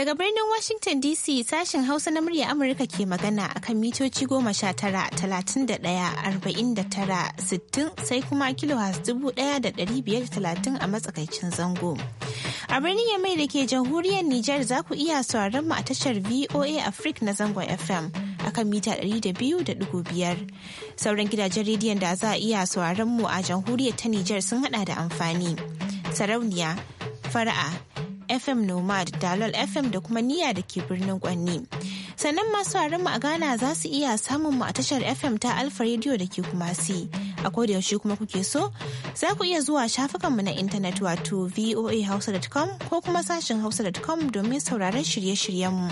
Daga birnin Washington DC sashen Hausa na murya Amurka ke magana akan mitoci goma sha tara talatin da ɗaya arba'in da tara sittin sai kuma has dubu ɗaya da ɗari biyar talatin a matsakaicin zango. A birnin Yamai da ke jamhuriyar Nijar za ku iya sauraron mu a tashar VOA Africa na zangon FM akan mita ɗari da biyu da biyar. Sauran gidajen rediyon da za a iya sauraron mu a jamhuriyar ta Nijar sun haɗa da amfani. Sarauniya, fara'a, FM Nomad, Dalol FM da kuma Niyya da ke birnin Kwanni. Sannan masu mu a Ghana za su iya samun mu a tashar FM ta Alfa Radio da ke Kumasi. A da yaushe kuma kuke so, za ku iya zuwa shafukanmu na intanet wato voahausa.com ko kuma sashin hausa.com domin sauraron shirye-shiryenmu.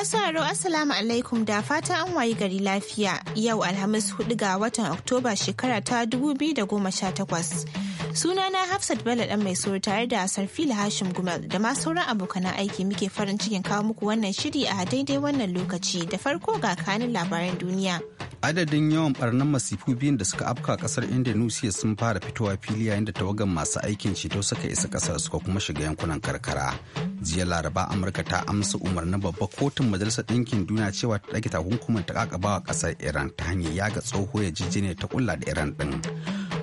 Masu haro Assalamu alaikum da fata an wayi gari lafiya yau Alhamis 4 ga watan Oktoba shekara ta 2018. Sunana Hafsat Bello dan mai soro tare da Sarfila Hashim Gumal da ma sauran abokan aiki muke farin cikin kawo muku wannan shiri a daidai wannan lokaci da farko ga kanin labaran duniya. Adadin yawan barnan masifu biyun da suka afka kasar Indonesia sun fara fitowa fili yayin da tawagan masu aikin ceto suka isa kasar suka kuma shiga yankunan karkara. Jiya Laraba Amurka ta amsa umarnin babbar kotun Majalisar Ɗinkin Duniya cewa ta ɗage takunkumin ta ƙaƙabawa wa kasar Iran ta hanyar yaga tsoho ya jijjine ta kulla da Iran ɗin.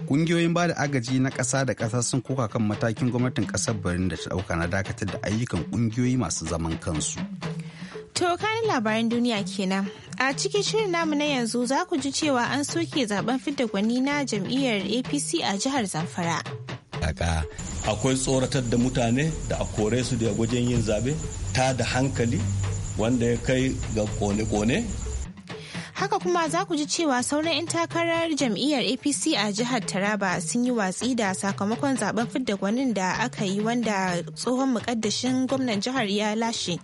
Kungiyoyin ba da agaji na ƙasa da ƙasa sun koka kan matakin gwamnatin ƙasar Birnin da ta ɗauka na dakatar da ayyukan kungiyoyi masu zaman kansu. To kanin labaran duniya kenan. A cikin shirin namu na yanzu za ku ji cewa an soke zaben fidda gwani na jam'iyyar APC a jihar Zamfara. akwai tsoratar da mutane da a kore su da wajen yin zabe ta da hankali wanda ya kai ga kone-kone haka kuma za ku ji cewa sauran 'yan takarar jam'iyyar apc a jihar taraba sun yi watsi da sakamakon zaben fidda gwanin da aka yi wanda tsohon mukaddashin gwamnan jihar ya lashe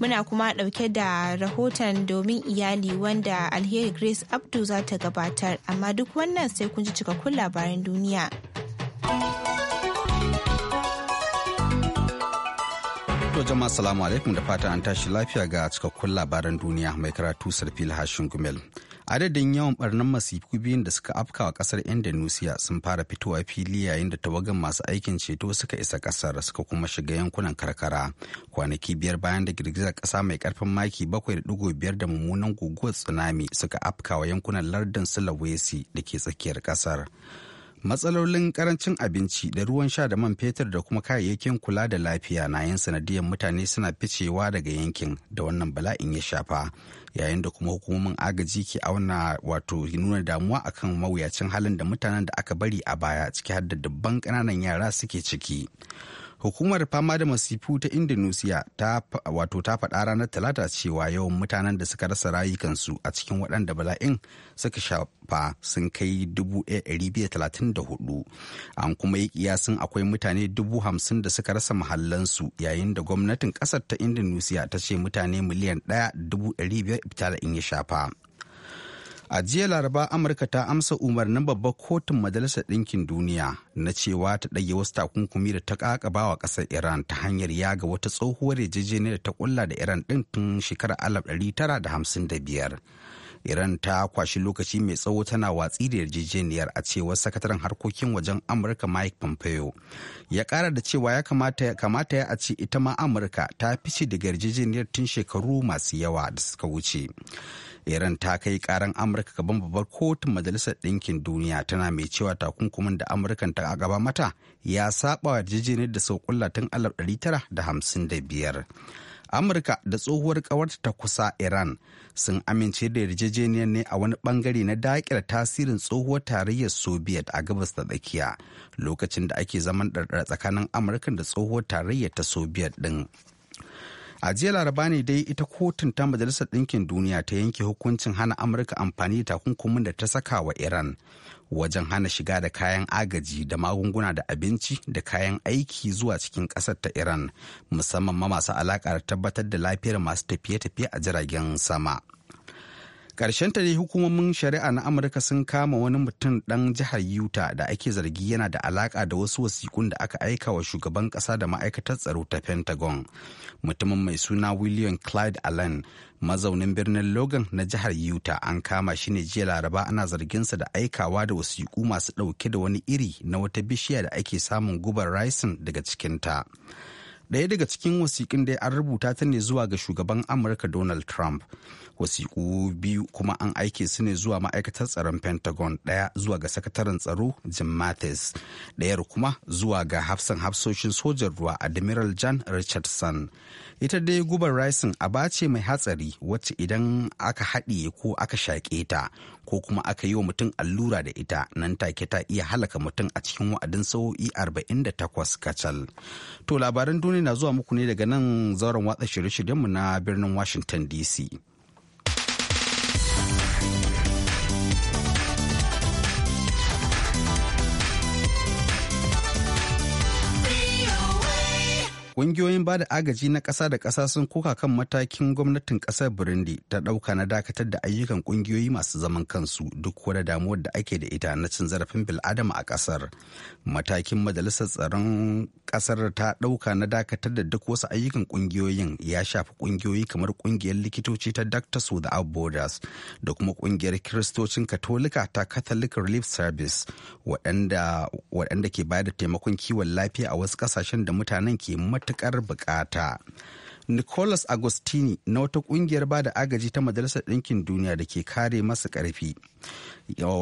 muna kuma dauke da rahoton domin iyali wanda alheri grace abdu za ta gabatar amma duk wannan sai kun ji cikakkun labaran duniya. To jama'a salamu alaikum da fatan an tashi lafiya ga cikakkun labaran duniya mai karatu sarfil hashin gumel. Adadin yawan barnan masifu biyun da suka afka afkawa kasar Indonesia sun fara fitowa fili yayin da tawagan masu aikin ceto suka isa kasar suka kuma shiga yankunan karkara. Kwanaki biyar bayan da girgizar kasa mai karfin maki bakwai da mummunan guguwar tsunami suka afkawa yankunan lardin Sulawesi da ke tsakiyar kasar. matsalolin karancin abinci da ruwan sha da man fetur da kuma kayayyakin kula da lafiya na yin sanadiyar mutane suna ficewa daga yankin da wannan bala'in ya shafa yayin da kuma hukumomin agaji ke auna wato nuna damuwa akan mawuyacin halin da mutanen da aka bari a baya ciki har da dubban ƙananan yara suke ciki hukumar fama da masifu ta indonesia ta wato ta faɗa ranar talata cewa yawan mutanen da suka rasa rayukansu a cikin waɗanda bala'in suka shafa sun kai 1,234 an kuma yi kiyasin akwai mutane 50,000 da suka rasa mahallansu yayin da gwamnatin ƙasar ta indonesia ta ce mutane miliyan 1,500 ya shafa A jiya Laraba Amurka ta amsa umarnin babbar kotun Majalisar Ɗinkin Duniya na cewa ta ɗage wasu takunkumi da ta ƙaƙaba wa ƙasar Iran ta hanyar yaga wata tsohuwar yarjejeniyar ta ƙulla da Iran ɗin tun shekarar 1955. iran ta kwashi lokaci mai tsawo tana watsi da yarjejeniyar a cewar sakataren harkokin wajen amurka mike pompeo ya kara da cewa ya kamata ya a ce ita ma amurka ta fice daga yarjejeniyar tun shekaru masu yawa da suka wuce iran ta kai karan amurka gaban babbar kotun majalisar ɗinkin duniya tana mai cewa takunkumin da amurkan ta gaba mata ya saba yarjejeniyar da sau tun 1955 amurka da tsohuwar kawarta ta kusa iran sun amince da yarjejeniyar ne a wani bangare na daƙirar tasirin tsohuwar tarayyar soviet a gabas ta tsakiya lokacin da ake zaman ɗarɗar tsakanin amurka da tsohuwar tarayyar ta soviet ɗin a jiya laraba ne dai ita kotun ta majalisar ɗinkin duniya ta yanke hukuncin hana amurka amfani da takunkumin da ta saka wa iran wajen hana shiga da kayan agaji da magunguna da abinci da kayan aiki zuwa cikin ƙasar ta iran musamman ma masu alaƙa da tabbatar da lafiyar masu tafiye-tafiye a jiragen sama. ta ne hukumomin shari'a na amurka sun kama wani mutum dan jihar utah da ake zargi yana da alaƙa da wasu wasikun da aka aika wa shugaban ƙasa da ma'aikatar tsaro ta pentagon mutumin mai suna william clyde allen mazaunin birnin logan na jihar utah an kama shi ne jiya laraba ana zarginsa da aikawa da wasiku masu ɗauke da wani iri na wata bishiya da ake samun gubar risin daga cikinta ɗaya daga cikin wasiƙun da an rubuta ta ne zuwa ga shugaban amurka donald trump wasiƙu biyu kuma an aike su ne zuwa ma'aikatar tsaron pentagon ɗaya zuwa ga sakataren tsaro jim mathis ɗayar kuma zuwa ga hafsan hafsoshin sojan ruwa admiral john richardson ita dai gubar rising abace mai hatsari wacce idan aka haɗiye ko aka shaƙe ta ko kuma aka yi wa mutum allura da ita nan take ta iya halaka mutum a cikin wa'adin sa'o'i takwas kacal. To labaran duniya na zuwa muku ne daga nan zauren watsa shirye-shiryenmu na birnin Washington DC. Ƙungiyoyin ba da agaji na ƙasa da ƙasa sun koka kan matakin gwamnatin ƙasar Burundi ta ɗauka na dakatar da ayyukan ƙungiyoyi masu zaman kansu duk wani damuwar da ake da ita na cin zarafin bil'adama a ƙasar. Matakin majalisar tsaron ƙasar ta ɗauka na dakatar da duk wasu ayyukan ƙungiyoyin ya shafi ƙungiyoyi kamar ƙungiyar likitoci ta Doctors Without Borders da kuma ƙungiyar Kiristocin Katolika ta Catholic Relief Service waɗanda ke bayar da taimakon kiwon lafiya a wasu ƙasashen da mutanen ke mata matukar bukata. Nicholas Agostini na wata kungiyar ba da agaji ta Majalisar Ɗinkin Duniya da ke kare masa ƙarfi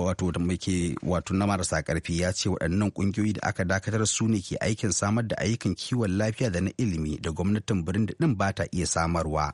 wato da muke wato na marasa karfi ya ce waɗannan ƙungiyoyi da aka dakatar su ne ke aikin samar da ayyukan kiwon lafiya da na ilimi da gwamnatin birnin din ba ta iya samarwa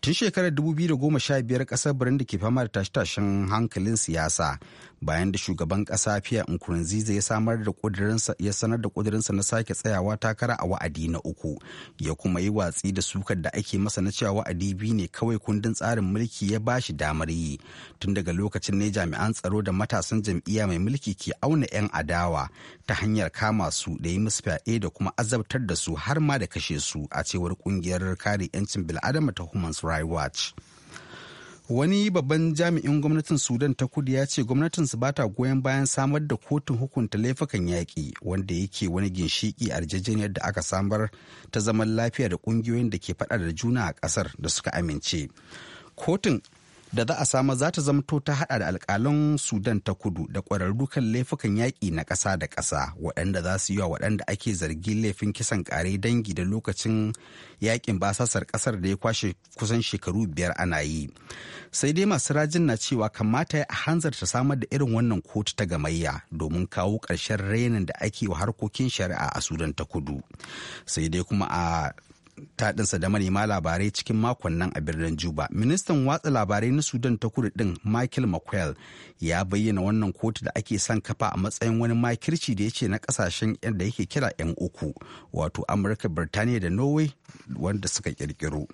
tun shekarar 2015 ƙasar birnin ke fama da tashe-tashen hankalin siyasa bayan da shugaban ƙasa fiya nkurunziza ya samar da ƙudurinsa ya sanar da ƙudurinsa na sake tsayawa takara a wa'adi na uku ya kuma yi watsi da sukar da ake masa na cewa wa'adi biyu ne kawai kundin tsarin mulki ya bashi damar yi tun daga lokacin ne jami'an tsaro da matasan jam'iyya mai mulki ke auna 'yan adawa ta hanyar kama su da yi musu fyaɗe da kuma azabtar da su har ma da kashe su a cewar ƙungiyar kare 'yancin bil'adama ta human rights watch wani babban jami'in gwamnatin sudan ta kudu ya ce gwamnatin su bata goyon bayan samar da kotun hukunta laifukan yaƙi wanda yake wani ginshiƙi a yarjejeniyar da aka samar ta zaman lafiya da ƙungiyoyin da ke faɗa da juna a ƙasar da suka amince kotun da za a samar za ta zamto ta hada da alkalin sudan ta kudu da kwararru kan laifukan yaƙi na ƙasa da ƙasa waɗanda za su yi wa waɗanda ake zargin laifin kisan ƙare dangi da lokacin yaƙin basasar ƙasar da ya kwashe kusan shekaru biyar ana yi sai dai masu rajin na cewa kamata a hanzarta samar da irin wannan kotu ta gamayya domin kawo ƙarshen rainin da ake wa harkokin shari'a a sudan ta kudu sai dai kuma a taɗinsa da manema labarai cikin makon nan a birnin Juba. Ministan watsa labarai na Sudan ta kudu ɗin Michael McQuell ya bayyana wannan kotu da ake son kafa a matsayin wani makirci da ya ce na kasashen da yake kira 'yan uku, wato Amurka, Birtaniya da Norway wanda suka ƙirƙiro.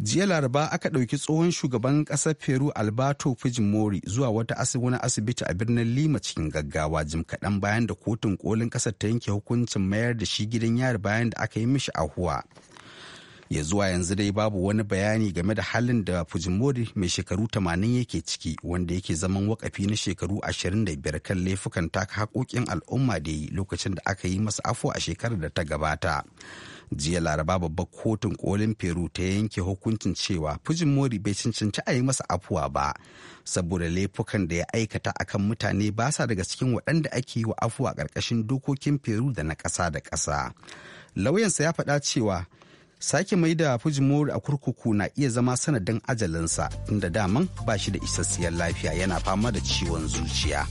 jiya laraba aka ɗauki tsohon shugaban ƙasar peru alberto fujimori zuwa wata wani asibiti a birnin lima cikin gaggawa jim kaɗan bayan da kotun kolin ƙasar ta yanke hukuncin mayar da shi gidan yari bayan da aka yi mishi ahuwa ya zuwa yanzu dai babu wani bayani game da halin da fujimori mai shekaru 80 yake ciki wanda yake zaman wakafi na shekaru 25 kan laifukan taka haƙoƙin al'umma da yi lokacin da aka yi masa afo a shekarar da ta gabata jiya laraba babbar kotun kolin peru ta yanke hukuncin cewa fujimori bai cancanci a yi masa afuwa ba saboda laifukan da ya aikata akan mutane ba sa daga cikin waɗanda ake yi wa afuwa ƙarƙashin dokokin peru da na ƙasa da ƙasa lauyansa ya faɗa cewa sake mai da fujin mori a kurkuku na iya zama sanadin ajalinsa inda daman ba shi da isassiyar lafiya yana fama da ciwon zuciya.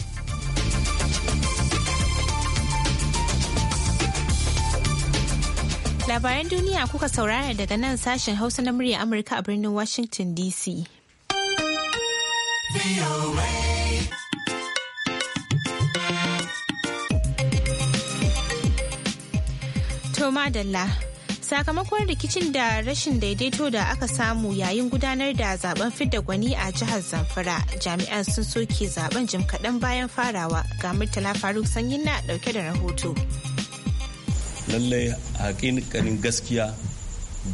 Labaran duniya kuka saurara daga nan sashen Hausa na murya Amurka a birnin Washington DC. Toma Dalla Sakamakon rikicin da rashin daidaito da aka samu yayin gudanar da zaben fidda gwani a jihar Zamfara, jami'an sun soke zaben jim kaɗan bayan farawa ga Murtala Faruk Sanyin na ɗauke da rahoto. lallai haƙiƙanin gaskiya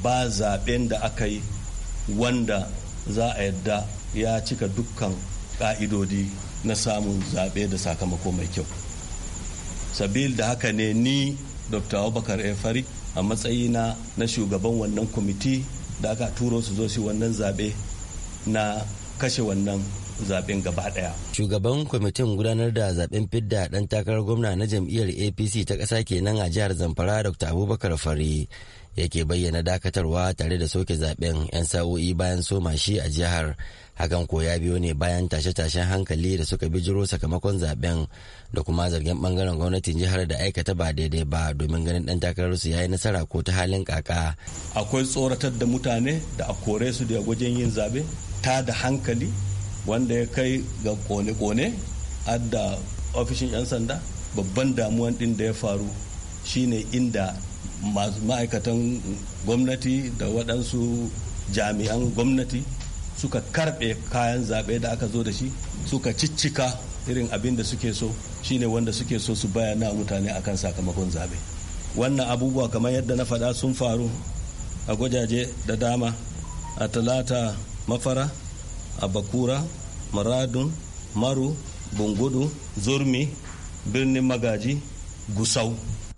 ba zaɓen da aka yi wanda za a yadda ya cika dukkan ƙa'idodi na samun zaɓe da sakamako mai kyau sabil da haka ne ni dr abubakar efari a matsayina na shugaban wannan kwamiti da aka turo su zo shi wannan zaɓe na kashe wannan zaben gaba daya. Shugaban kwamitin gudanar da zaben fidda dan takarar gwamna na jam'iyyar APC ta ƙasa kenan a jihar Zamfara Dr. Abubakar Fari yake bayyana dakatarwa tare da soke zaben 'yan sa'o'i bayan soma shi a jihar hakan ko ya biyo ne bayan tashe-tashen hankali da suka bijiro sakamakon zaben da kuma zargin bangaren gwamnatin jihar da aikata ba daidai ba domin ganin dan takarar su yayi nasara ko ta halin kaka akwai tsoratar da mutane da a kore su da wajen yin zabe ta da hankali wanda ya kai ga kone-kone adda ofishin 'yan sanda babban damuwan din da ya faru shine inda ma'aikatan gwamnati da waɗansu jami'an gwamnati suka karɓe kayan zaɓe da aka zo da shi suka ciccika irin abin da suke so shine wanda suke so su bayyana mutane akan sakamakon zaɓe wannan abubuwa kamar yadda na faɗa sun faru a gwajaje da dama a talata mafara abakura maradun maru bungudu zurmi birnin magaji gusau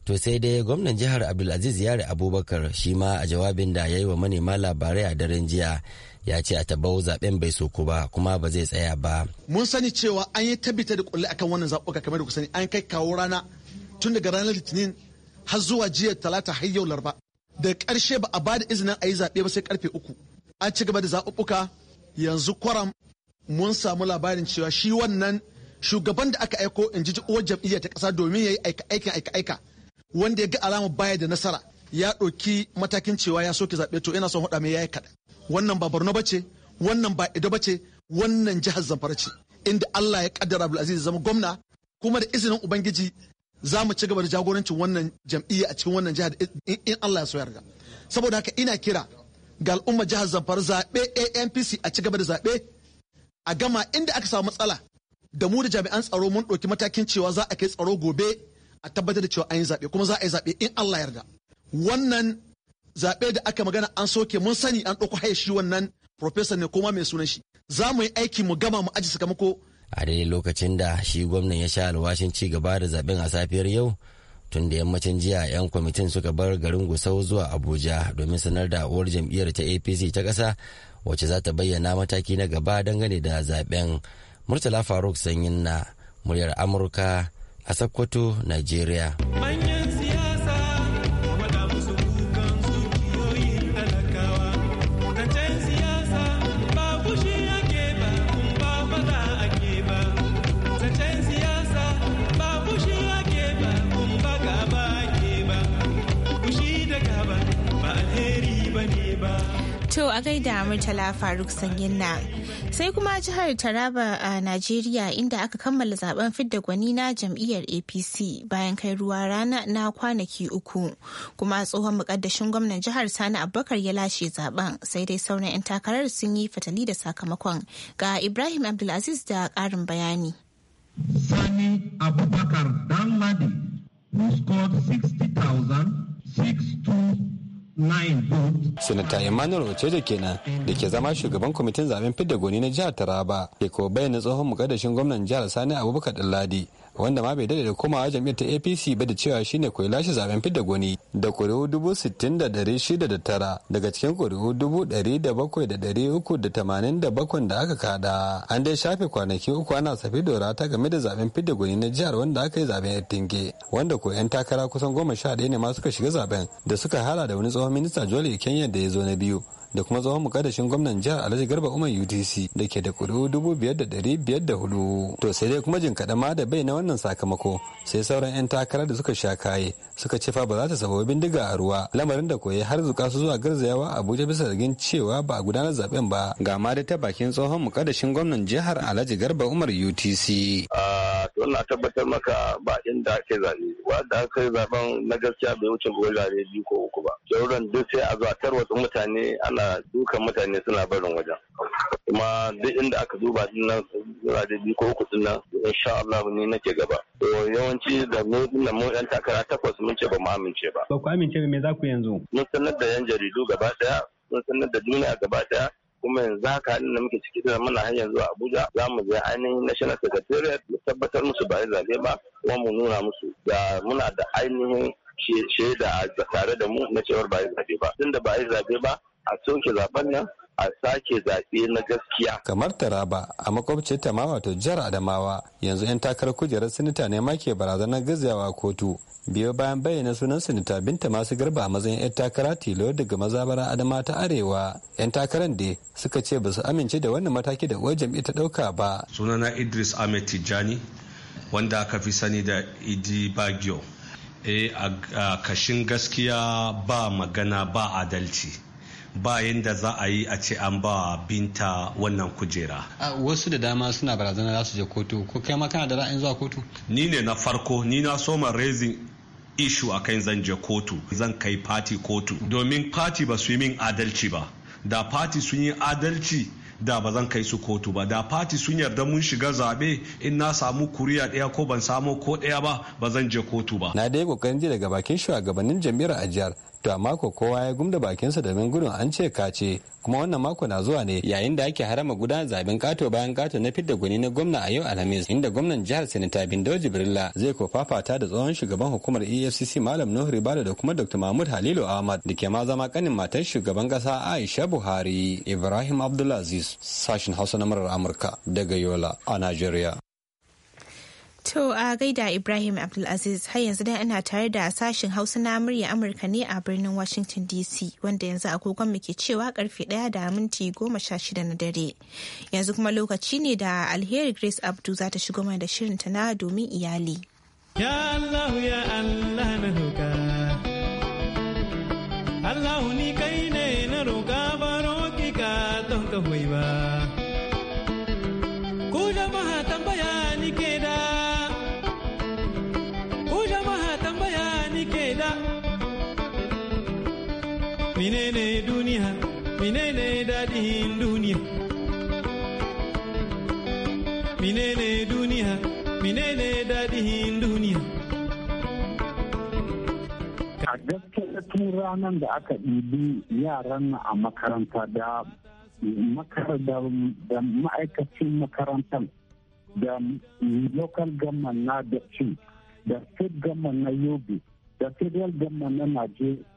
to sai dai gwamnan jihar abdulaziz yare abubakar shi ma a jawabin da ya yi wa manema labarai a daren jiya ya ce a tabau zaben bai soku ba kuma ba zai tsaya ba mun sani cewa an yi tabbita da kulli akan wannan zaɓuka kamar da ku sani an kai kawo rana tun daga ranar litinin har zuwa jiya talata har yau laraba da ƙarshe ba a ba da izinin a yi zaɓe ba sai karfe uku an ci gaba da zaɓuɓɓuka yanzu kwaram mun samu labarin cewa shi wannan shugaban da aka aiko in ji uwar jam'iyyar ta kasa domin ya yi aika aikin aika aika wanda ya ga alama baya da nasara ya ɗauki matakin cewa ya soke zaɓe to ina son hudu mai ya yi kaɗan wannan ba borno bace wannan ba ido bace wannan jihar zamfara ce inda allah ya kaddara abdulaziz zama gwamna kuma da izinin ubangiji za mu ci gaba da jagorancin wannan jam'iyya a cikin wannan jihar in allah ya so yarda saboda haka ina kira ga al'ummar jihar zamfara zaɓe ANPC a ci gaba da zaɓe a gama inda aka samu matsala da mu da jami'an tsaro mun ɗauki matakin cewa za a kai tsaro gobe a tabbatar da cewa an yi zaɓe kuma za a yi zaɓe in Allah yarda wannan zaɓe da aka magana an soke mun sani an ɗauko haya shi wannan profesa ne kuma mai sunan shi za mu yi aiki mu gama mu aji sakamako a daidai lokacin da shi gwamnan ya sha alwashin ci gaba da zaben a safiyar yau tun da yammacin jiya 'yan kwamitin suka bar garin gusau zuwa abuja domin sanar da uwar jam'iyyar ta apc ta ƙasa wacce za ta bayyana mataki na gaba dangane da zaben murtala faruk sanyin na muryar amurka a sokoto nigeria da Murtala Faruk sangin na. Sai kuma jihar Taraba a Najeriya inda aka kammala zaben fidda gwani na jam'iyyar APC bayan kai ruwa rana na kwanaki uku. Kuma tsohon mukaddashin gwamnan jihar Sani Abubakar ya lashe zaben sai dai sauran 'yan takarar sun yi fatali da sakamakon. Ga Ibrahim Abdulaziz da ƙarin bayani. Sani Abubakar Danladi who scored 60,000 Sanata Emmanuel Ocheja kenan da ke zama shugaban kwamitin zaben fidda goni na jihar Taraba ke ko bayyana tsohon mukaddashin gwamnan jihar Sani Abubakar Dalladi wanda ma bai dade da komawa jam'iyyar ta apc ba da cewa shine koyi lashe zaben fidda gwani da kuri'u dubu sittin da dari shida da tara daga cikin kuri'u dubu dari da bakwai da dari uku da tamanin da bakwai da aka kada an dai shafe kwanaki uku ana safi dora ta game da zaben fidda gwani na jihar wanda aka yi zaben tinge wanda ko yan takara kusan goma sha ɗaya ne ma suka shiga zaben da suka hada da wani tsohon minista jole kenya da ya zo na biyu da kuma zama mukaddashin gwamnan jihar Alhaji Garba Umar UDC da ke da kuri'u dubu biyar da ɗari biyar da hudu. To sai dai kuma jin kaɗan ma da bai na wannan sakamako sai sauran 'yan takara da suka sha kaye suka ce fa ba za ta sababi bindiga a ruwa lamarin da koyi har zuka su zuwa garzayawa Abuja bisa zargin cewa ba a gudanar zaben ba. Ga ma da ta bakin tsohon mukaddashin gwamnan jihar Alhaji Garba Umar UTC. to ina tabbatar maka ba inda aka yi ba da aka yi zaɓen na gaskiya bai wuce gobe zaɓe biyu ko uku ba jaruran duk sai a zuwa tarwatsa mutane ana dukan mutane suna barin wajen kuma duk inda aka duba din nan zaɓe biyu ko uku din nan insha Allah ni nake gaba to yawanci da mu din mu yan takara takwas mun ce ba mu amince ba ba ku amince ba me za ku yanzu mun sanar da yan jaridu gaba daya mun sanar da duniya gaba daya kuma yanzu haka da muke ciki da muna hanyar zuwa Abuja za mu je ainihin National Secretariat mu tabbatar musu ba zabe ba kuma mu nuna musu da muna da ainihin shaida tare da mu na cewar ba zabe ba tunda ba zabe ba a soke zaben nan a sake zaɓe na gaskiya. Kamar Taraba a makwabcin Tamawa to jihar Adamawa yanzu 'yan takarar kujerar sinita ne ma ke barazanar gazawa kotu. biyo bayan bayyana sunan sinita binta masu garba a matsayin 'yan takara tilo daga mazabara adama ta arewa 'yan takaran da suka ce ba su amince da wannan mataki da uwar jam'i ta dauka ba sunana idris ahmed tijjani wanda aka fi sani da idi bagio e eh, a kashin gaskiya ba magana ba adalci bayan da za a yi a ce an ba binta wannan kujera. wasu da dama suna barazana za su je kotu ko kai ma kana da ra'ayin zuwa kotu? ni ne na farko ni na soma raising Ishu a kan zan je kotu zan kai fati kotu domin fati ba su yi min adalci ba da fati sun yi adalci da ba zan kai su kotu ba da fati sun yarda mun shiga zabe in na samu kuriya daya ko ban samu ko daya ba ba zan je kotu ba na dai kokarin ji daga bakin shugabannin jami'ar ajiyar to mako kowa ya gumda bakinsa domin gudun an ce kace kuma wannan mako na zuwa ne yayin da ake harama gudanar zaben kato bayan kato na fidda gwani na gwamna a yau alhamis inda gwamnan jihar sanata bindo jibrilla zai ko fafata da tsohon shugaban hukumar efcc malam nuhu ribalo da kuma dr mahmud halilu ahmad da ke ma zama kanin matan shugaban kasa aisha buhari ibrahim abdulaziz sashin hausa na murar amurka daga yola a nigeria To a gaida Ibrahim Abdulaziz har yanzu dai ana tare da sashen Hausa na murya Amurka ne a birnin Washington DC wanda yanzu agogon mu ke cewa karfe ɗaya da minti goma sha shida na dare. Yanzu kuma lokaci ne da Alheri Grace Abdu za ta shigo mana da shirin ta na domin iyali. Ya Allah ya Allah na roka. Allah ni kai ne na roka baro ki ka don ka ba. menene duniya menene dadihin duniya menene duniya menene dadihin duniya a gaskiya tun ranar da aka ɗibi yaran a makaranta da ma'aikacin makarantar da local government na da da state government na yobe da federal government na najeriya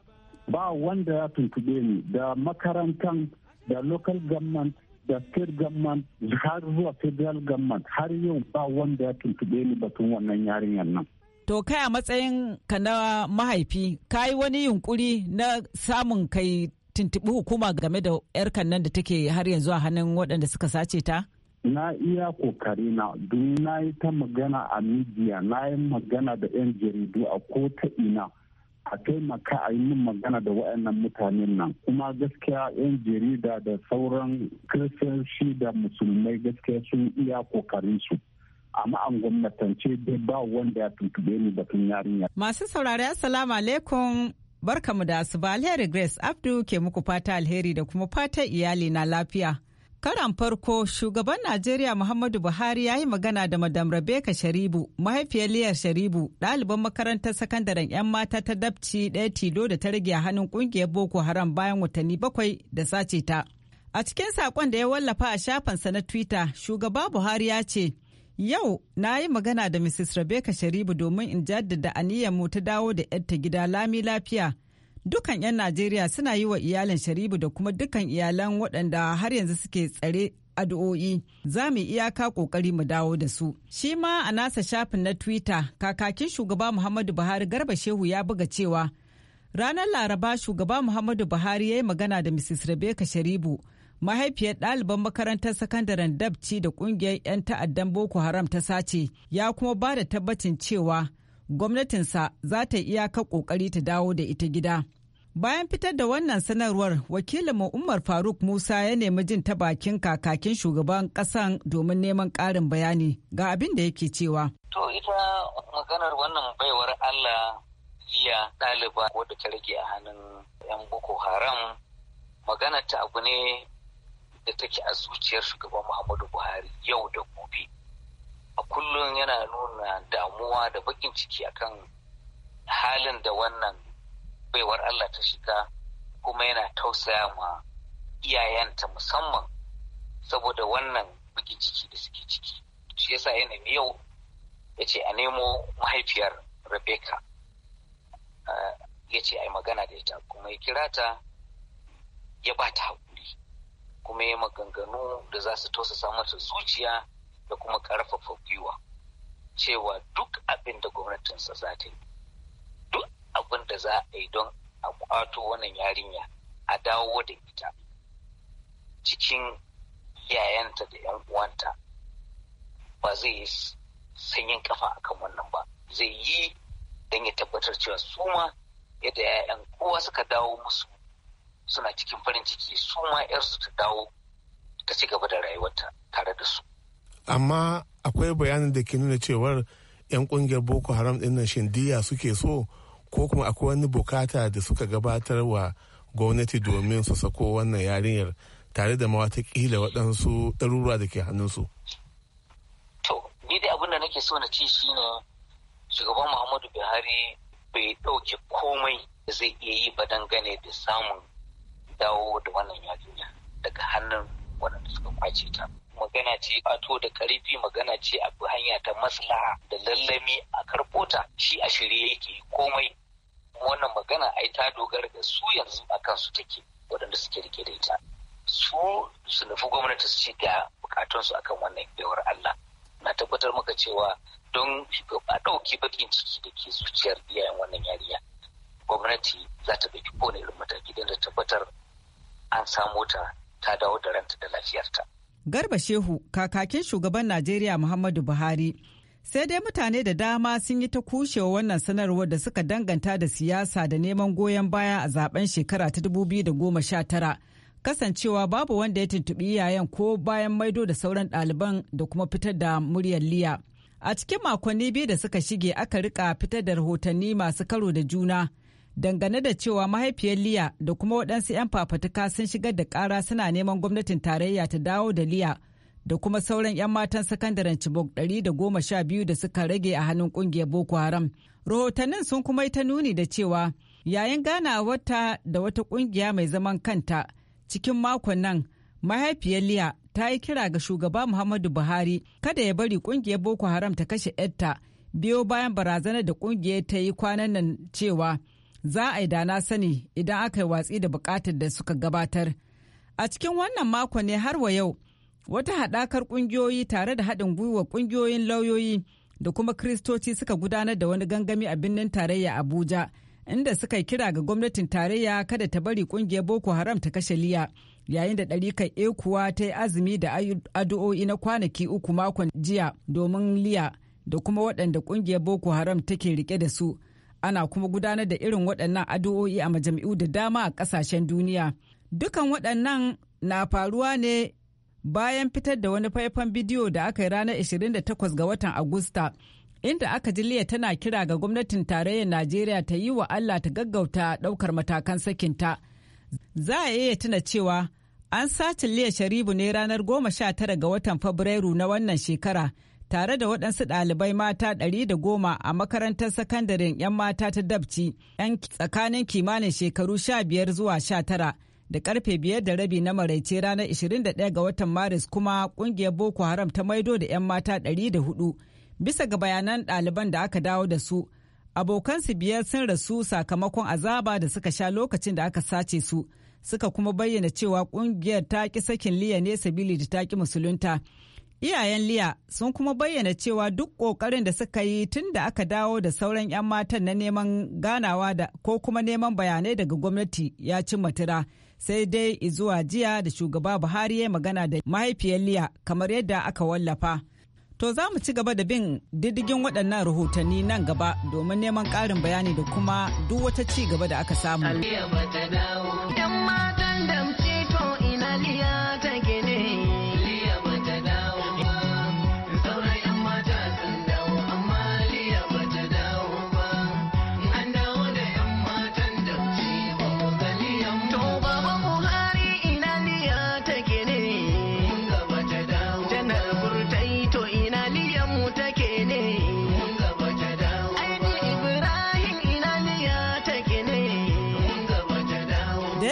ba wanda ya tuntube ni da makarantan da local government da state government har zuwa federal government har yau ba wanda ya tuntube ni batun wannan yarinyar nan To kai a matsayin ka na mahaifi, ka yi wani yunkuri na samun kai tuntuɓi hukuma game da 'yar nan da take har yanzu a hannun waɗanda suka sace ta? Na iya kokari na don na yi ta magana a mijiya na yi magana da 'yan jaridu a ko ta ina. a taimaka a yi min magana da waɗannan mutanen nan kuma gaskiya 'yan jarida da sauran kiristanci da musulmai gaskiya sun iya kokarin su amma an gwamnatance dai ba wanda ya tuntube ni batun yarinya. Masu saurari assalamu alaikum barkamu da asuba alheri Grace Abdu ke muku fata alheri da kuma fata iyali na lafiya. karan farko shugaban Najeriya Muhammadu Buhari ya yi magana da Madam Rebecca Sharibu, mahaifiyar Liyar Sharibu, ɗaliban makarantar sakandaren 'yan mata ta dabci ɗaya tilo da ta rage a hannun ƙungiyar Boko Haram bayan watanni bakwai da sace ta. A cikin saƙon da ya wallafa a shafinsa na Twitter, shugaba Buhari ya ce, Yau na yi magana da Mrs. Rebecca Sharibu domin in jaddada aniyar mu ta dawo da 'yarta gida lami lafiya. dukan 'yan Najeriya suna yi wa iyalin Sharibu da kuma dukan iyalan waɗanda har yanzu suke tsare addu'o'i za mu iyaka kokari mu dawo da su. Shi ma a nasa shafin na Twitter kakakin shugaba Muhammadu Buhari Garba Shehu ya buga cewa ranar Laraba shugaba Muhammadu Buhari ya yi magana da Mrs. Rebecca Sharibu mahaifiyar ɗaliban makarantar sakandaren Dabci da ƙungiyar 'yan ta'addan Boko Haram ta sace ya kuma ba da tabbacin cewa gwamnatinsa za ta iyaka kokari ta dawo da ita gida. Bayan fitar da wannan sanarwar, wakilinmu Umar Faruk Musa ya nemi jin ta bakin kakakin shugaban ƙasan domin neman ƙarin bayani ga abin da yake cewa. To ita maganar wannan baiwar Allah jiya ɗaliba wadda ta rage a hannun 'yan Boko Haram maganar ta abu ne da take a zuciyar shugaban Muhammadu Buhari yau da gobe. A kullum yana nuna damuwa da bakin ciki akan halin da wannan baiwar Allah ta shiga kuma yana tausaya ma iyayenta musamman saboda wannan bugi ciki da suke ciki shi yasa sa yau ya ce a nemo mahaifiyar Rebecca ya ce a yi magana da ita kuma ya kira ta ya ba ta haƙuri kuma ya maganganu da za su tausasa mata zuciya da kuma ƙarfafa gwiwa cewa duk abin da gwamnatinsa za ta yi abin da za a yi don a kwato wannan yarinya a dawo da ita cikin yayanta da 'yan uwanta ba zai yi sanyin kafa akan wannan ba zai yi don ya tabbatar cewa su ma yadda 'ya'yan kowa suka dawo musu suna cikin farin ciki su ma 'yarsu ta dawo ta ci gaba da rayuwarta tare da su amma akwai bayanin da ke nuna cewar 'yan kungiyar boko haram din nan shindiya suke so ko kuma akwai wani bukata da suka gabatar wa gwamnati domin su sako wannan yarinyar tare da ma watakila waɗansu ɗaruruwa da ke hannunsu. To, ni dai abin da nake so na ce shi ne shugaban Muhammadu Buhari bai ɗauke komai da zai iya yi ba dangane da samun dawo da wannan yarinya daga hannun waɗanda suka kwace ta. magana ce ato da karfi magana ce a hanya ta maslaha da lallami a karɓota shi a shirye yake komai wannan magana ai ta dogara da su yanzu a kansu take waɗanda suke rike da ita su su nufi gwamnati su ci da su akan wannan baiwar Allah na tabbatar maka cewa don a ɗauki bakin ciki da ke zuciyar iyayen wannan yariya gwamnati za ta ɗauki kone irin mataki don da tabbatar an samu ta ta dawo da ranta da lafiyarta. Garba Shehu kakakin shugaban Najeriya Muhammadu Buhari sai dai mutane da dama sun yi ta kushewa wannan sanarwar da suka danganta da siyasa da neman goyon baya a zaben shekara ta 2019 kasancewa babu wanda ya tuntuɓi iyayen ko bayan maido da sauran ɗaliban da kuma fitar da muryar liya a cikin makonni biyu da suka shige aka rika fitar da rahotanni masu karo da juna dangane da cewa mahaifiyar liya da kuma waɗansu 'yan fafatuka sun shigar da ƙara suna neman gwamnatin tarayya ta dawo da liya da kuma sauran 'yan matan sakandaren Chibok 112 da suka rage a hannun kungiyar Boko Haram. Rahotannin sun kuma yi ta nuni da cewa yayin wata da wata kungiya mai zaman kanta cikin makon nan mahaifiyar Liya ta yi kira ga shugaba Muhammadu Buhari kada ya bari kungiyar Boko Haram ta kashe 'yarta biyo bayan barazanar da kungiyar ta yi kwanan nan cewa za a yi dana sani idan aka yi watsi da bukatar da suka gabatar. A cikin wannan makon ne har wa yau wata haɗakar ƙungiyoyi tare da haɗin gwiwa ƙungiyoyin lauyoyi da kuma kristoci suka gudanar da wani gangami a birnin tarayya abuja inda suka kira ga gwamnatin tarayya kada ta bari ƙungiyar boko haram ta kashe liya yayin da ɗarikar ekuwa ta yi azumi da addu'o'i na kwanaki uku makon jiya domin liya da kuma waɗanda ƙungiyar boko haram take rike da su ana kuma gudanar da irin waɗannan addu'o'i a majami'u da dama a ƙasashen duniya dukan waɗannan na faruwa ne bayan fitar da wani faifan bidiyo da aka yi ranar 28 ga watan Agusta. Inda aka ji Liya tana kira ga gwamnatin tarayyar Najeriya ta yi wa Allah ta gaggauta ɗaukar matakan sakinta. Za a iya tuna cewa an sace Liya Sharibu ne ranar 19 ga watan Fabrairu na wannan shekara. tare da waɗansu ɗalibai mata ɗari a makarantar sakandaren 'yan mata ta dabci 'yan tsakanin kimanin shekaru 15 zuwa sha tara da karfe biyar da rabi na maraice ranar 21 ga watan maris kuma kungiyar boko haram ta maido da 'yan mata 104 bisa ga bayanan ɗaliban da aka dawo da su abokansu biyar sun rasu sakamakon azaba da suka sha lokacin da aka sace su suka kuma bayyana cewa kungiyar ta ki sakin liya ne sabili da ta ki musulunta iyayen liya sun kuma bayyana cewa duk ƙoƙarin da suka yi tun da aka dawo da sauran 'yan matan na neman ganawa da ko kuma neman bayanai daga gwamnati ya ci matira. sai dai izuwa jiya da shugaba buhari ya magana da mahaifiyar liya kamar yadda aka wallafa to za mu ci gaba da bin diddigin waɗannan rahotanni nan gaba domin neman ƙarin bayani da kuma duk wata ci gaba da aka samu.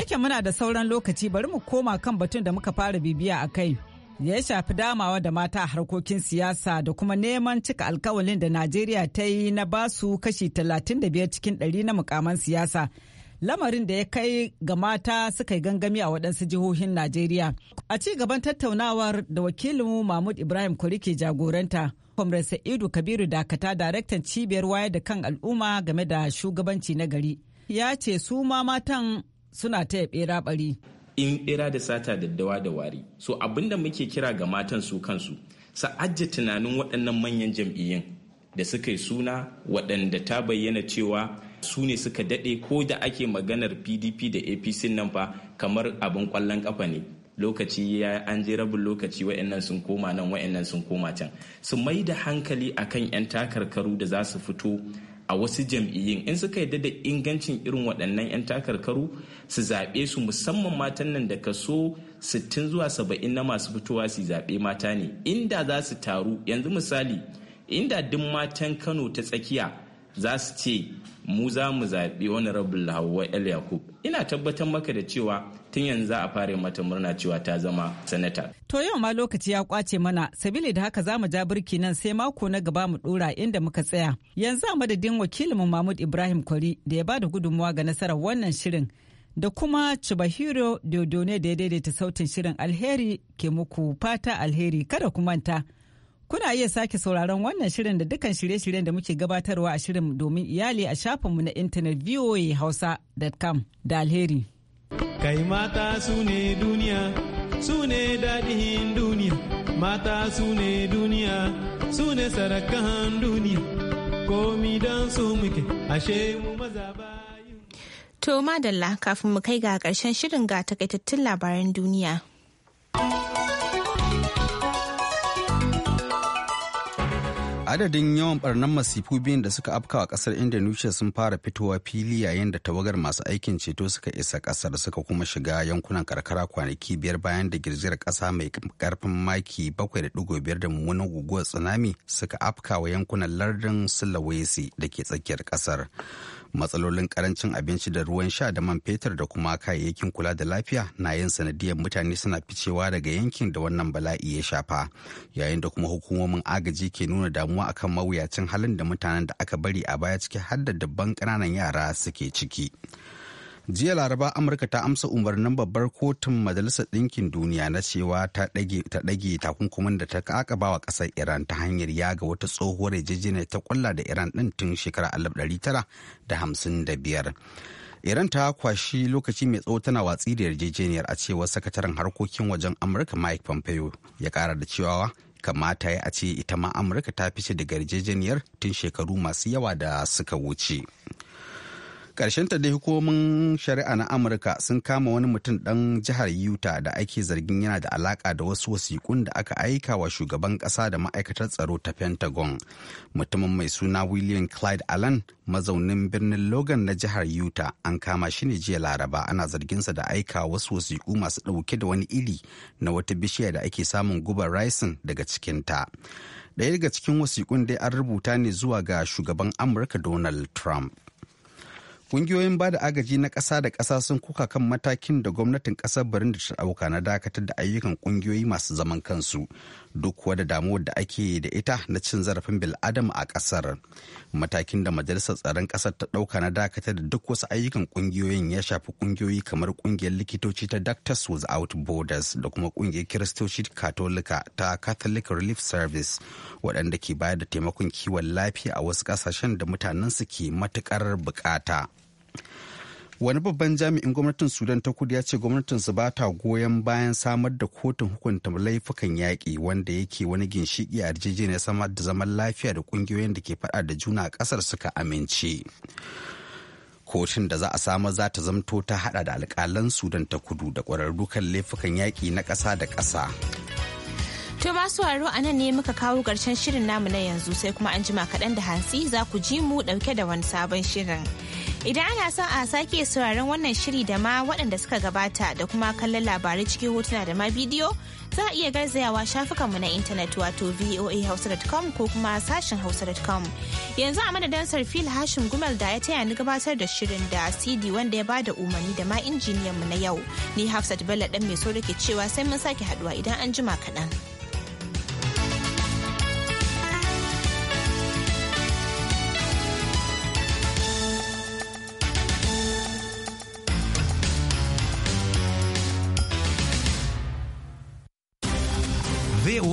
yake muna da sauran lokaci bari mu koma kan batun da muka fara bibiya a kai. ya shafi damawa da mata a harkokin siyasa da kuma neman cika alkawalin da Najeriya ta yi na basu kashi 35 cikin 100 na mukaman siyasa. Lamarin da ya kai ga mata suka yi gangami a waɗansu jihohin Najeriya. A ci gaban tattaunawar da wakilin Mahmud Ibrahim Kuri ke jagoranta, Kwamre Sa'idu Kabiru Dakata, daraktan cibiyar wayar da kan al'umma game da shugabanci na gari. Ya ce su ma matan suna taya bera bari. In bera da sata daddawa da wari. So abin da muke kira ga matan su kansu, sa ajiye tunanin waɗannan manyan jam'iyyun da suka yi suna waɗanda ta bayyana cewa su ne suka daɗe ko da ake maganar PDP da APC nan fa kamar abin ƙwallon ƙafa ne. lokaci ya an je rabin lokaci wa'annan sun koma nan wa'annan sun koma can su mai da hankali akan 'yan takarkaru da za su fito a wasu jam'iyyun in suka yadda da ingancin irin waɗannan 'yan takarkaru su zaɓe su musamman matan nan da kaso 60 zuwa 70 na masu fitowa su zaɓe mata ne inda za su taru yanzu misali inda duk matan kano ta tsakiya za su ce mu za mu zaɓi wani rabin lahawa el yakub ina tabbatar maka da cewa tun yanzu za a fara mata murna cewa ta zama sanata. To yau ma lokaci ya kwace mana sabili da haka za mu ja birki nan sai mako na gaba mu dora inda muka tsaya. Yanzu a madadin wakilin Mahmud Ibrahim Kwari da ya ba da gudunmuwa ga nasarar wannan shirin da kuma Chibahiro Dodone da ya daidaita sautin shirin alheri ke muku fata alheri kada ku manta. Kuna iya sake sauraron wannan shirin da dukkan shirye-shiryen da muke gabatarwa a shirin domin iyali a shafinmu na intanet voahausa.com da alheri. kai mata su ne duniya su ne daɗin duniya mata su ne duniya su ne sarakan duniya komi don su muke ashe mu maza To madalla kafin mu kai ga ƙarshen shirin ga takaitattun labaran duniya. adadin yawan barnan masifu biyun da suka afka a kasar indonesia sun fara fitowa fili yayin da tawagar masu aikin ceto suka isa kasar suka kuma shiga yankunan karkara kwanaki biyar bayan da girgizar kasa mai karfin maki 7.5 da mummunan guguwar tsunami suka afka wa yankunan lardin sulawesi da ke tsakiyar kasar matsalolin karancin abinci da ruwan sha da man fetur da kuma kayayyakin kula da lafiya na yin sanadiyar mutane suna ficewa daga yankin da wannan bala'i ya shafa yayin da kuma hukumomin agaji ke nuna damuwa akan mawuyacin halin da mutanen da aka bari a baya ciki har da dabban ƙananan yara suke ciki. jiya laraba amurka ta amsa umarnin babbar kotun majalisar ɗinkin duniya na cewa ta ɗage takunkumin da ta kakaba wa ƙasar iran ta hanyar yaga wata tsohuwar yarjejeniyar ta kulla da iran ɗin tun shekarar 1955 iran ta kwashi lokaci mai tsawo tana watsi da yarjejeniyar a cewar sakataren harkokin wajen amurka mike pompeo ya kara da cewa kamata ya a ce ita ma amurka ta fice daga yarjejeniyar tun shekaru masu yawa da suka wuce. ta dai hukumomin shari'a na amurka sun kama wani mutum ɗan jihar utah da ake zargin yana da alaka da wasu wasiƙun da aka aika wa shugaban ƙasa da ma'aikatar tsaro ta pentagon mutumin mai suna william clyde allen mazaunin birnin logan na jihar utah an kama shi ne jiya laraba ana zarginsa da aika wasu wasiƙu masu ɗauke da wani iri na wata bishiya da ake samun gubar rising daga cikinta ɗaya daga cikin wasiƙun dai an rubuta ne zuwa ga shugaban amurka donald trump Ƙungiyoyin ba da agaji na ƙasa da ƙasa sun kuka kan matakin da gwamnatin ƙasar da ta ɗauka na dakatar da ayyukan ƙungiyoyi masu zaman kansu duk wadda damuwar da ake da ita na cin zarafin bil'adam a kasar matakin da majalisar tsaron kasar ta ɗauka na dakatar da duk wasu ayyukan ƙungiyoyin ya shafi ƙungiyoyi kamar ƙungiyar likitoci ta doctors without borders da kuma ƙungiyar kiristoci katolika ta catholic relief service waɗanda ke bayar da taimakon kiwon lafiya a wasu ƙasashen da mutanensu ke matuƙar buƙata. wani babban jami'in gwamnatin sudan ta kudu ya ce gwamnatinsu ba ta goyon bayan samar da kotun hukunta laifukan yaƙi wanda yake wani ginshiƙi a yarjejeniyar samar da zaman lafiya da ƙungiyoyin da ke faɗa da juna a ƙasar suka amince kotun da za a samar za ta zamto ta haɗa da alƙalan sudan ta kudu da ƙwararru kan laifukan yaƙi na ƙasa da ƙasa To masu waro a nan ne muka kawo ƙarshen shirin namu na yanzu sai kuma an jima kaɗan da hantsi za ku ji mu ɗauke da wani sabon shirin. Idan ana son a sake sauraron wannan shiri da ma waɗanda suka gabata da kuma kallon labarai cikin hotuna da ma bidiyo za a iya garzayawa shafukanmu na intanet wato voahausa.com ko kuma sashen hausa.com. Yanzu a madadin sarfil Hashim Gumal da ya taya ni gabatar da shirin da CD wanda ya ba da umarni da ma injiniyanmu na yau. Ni Hafsat Bello ɗan mai so da ke cewa sai mun sake haɗuwa idan an jima kaɗan.